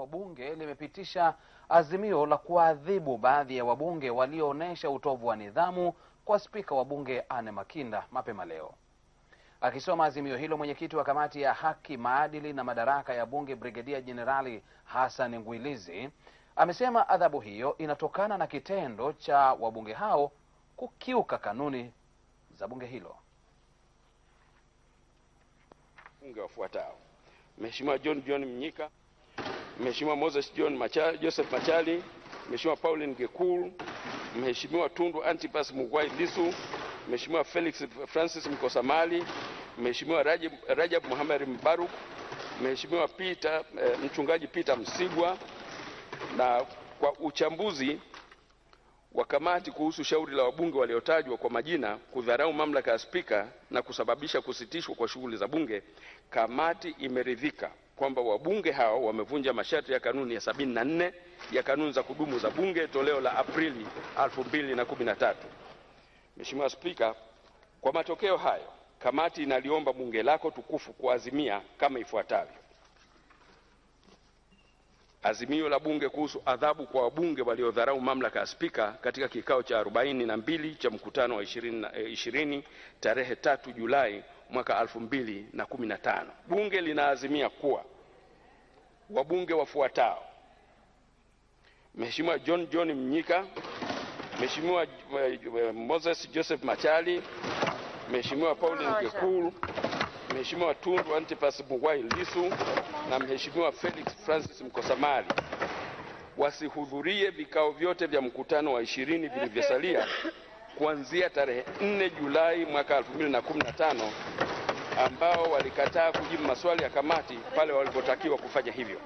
ambapo bunge limepitisha azimio la kuadhibu baadhi ya wabunge walioonyesha utovu wa nidhamu kwa spika wa bunge Anne Makinda mapema leo. Akisoma azimio hilo, mwenyekiti wa kamati ya haki, maadili na madaraka ya bunge Brigedia Jenerali Hassan Ngwilizi amesema adhabu hiyo inatokana na kitendo cha wabunge hao kukiuka kanuni za bunge hilo. Bunge wafuatao: Mheshimiwa John John Mnyika Mheshimiwa Moses John Machali, Joseph Machali, Mheshimiwa Pauline Gekul, Mheshimiwa Tundu Antipas Mugwai Lisu, Mheshimiwa Felix Francis Mkosamali, Mheshimiwa Rajab, Rajab Muhammad Mbaruk, Mheshimiwa Peter, eh, mchungaji Peter Msigwa na kwa uchambuzi wa kamati kuhusu shauri la wabunge waliotajwa kwa majina kudharau mamlaka ya spika na kusababisha kusitishwa kwa shughuli za bunge, kamati imeridhika kwamba wabunge hao wamevunja masharti ya kanuni ya 74 ya kanuni za kudumu za bunge toleo la Aprili 2013. Mheshimiwa Spika, kwa matokeo hayo, kamati inaliomba bunge lako tukufu kuazimia kama ifuatavyo: Azimio la bunge kuhusu adhabu kwa wabunge waliodharau mamlaka ya spika katika kikao cha 42 cha mkutano wa 20 eh, tarehe 3 Julai mwaka 2015. Bunge linaazimia kuwa wabunge wafuatao: Mheshimiwa John John Mnyika, Mheshimiwa eh, Moses Joseph Machali, Mheshimiwa Pauline Gekul, Mheshimiwa Tundu Antipas Mugwai lisu na Mheshimiwa Felix Francis Mkosamali wasihudhurie vikao vyote vya mkutano wa ishirini vilivyosalia kuanzia tarehe 4 Julai mwaka 2015 ambao walikataa kujibu maswali ya kamati pale walipotakiwa kufanya hivyo.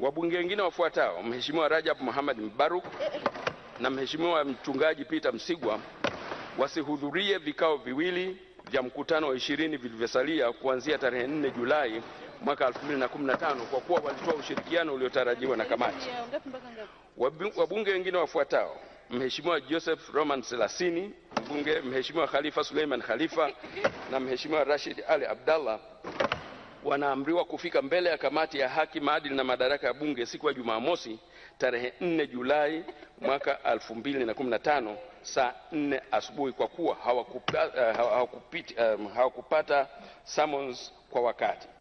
Wabunge wengine wafuatao, Mheshimiwa Rajab Muhammad Mbaruk na Mheshimiwa Mchungaji Peter Msigwa wasihudhurie vikao viwili vya mkutano wa ishirini vilivyosalia kuanzia tarehe 4 Julai mwaka 2015 kwa kuwa walitoa ushirikiano uliotarajiwa na kamati. Wabunge wengine wafuatao, Mheshimiwa Joseph Roman Selasini bunge Mheshimiwa Khalifa Suleiman Khalifa na Mheshimiwa Rashid Ali Abdallah wanaamriwa kufika mbele ya kamati ya haki, maadili na madaraka ya bunge siku ya Jumamosi tarehe 4 Julai mwaka 2015 saa 4 asubuhi kwa kuwa hawakupata, eh, eh, hawakupata summons kwa wakati.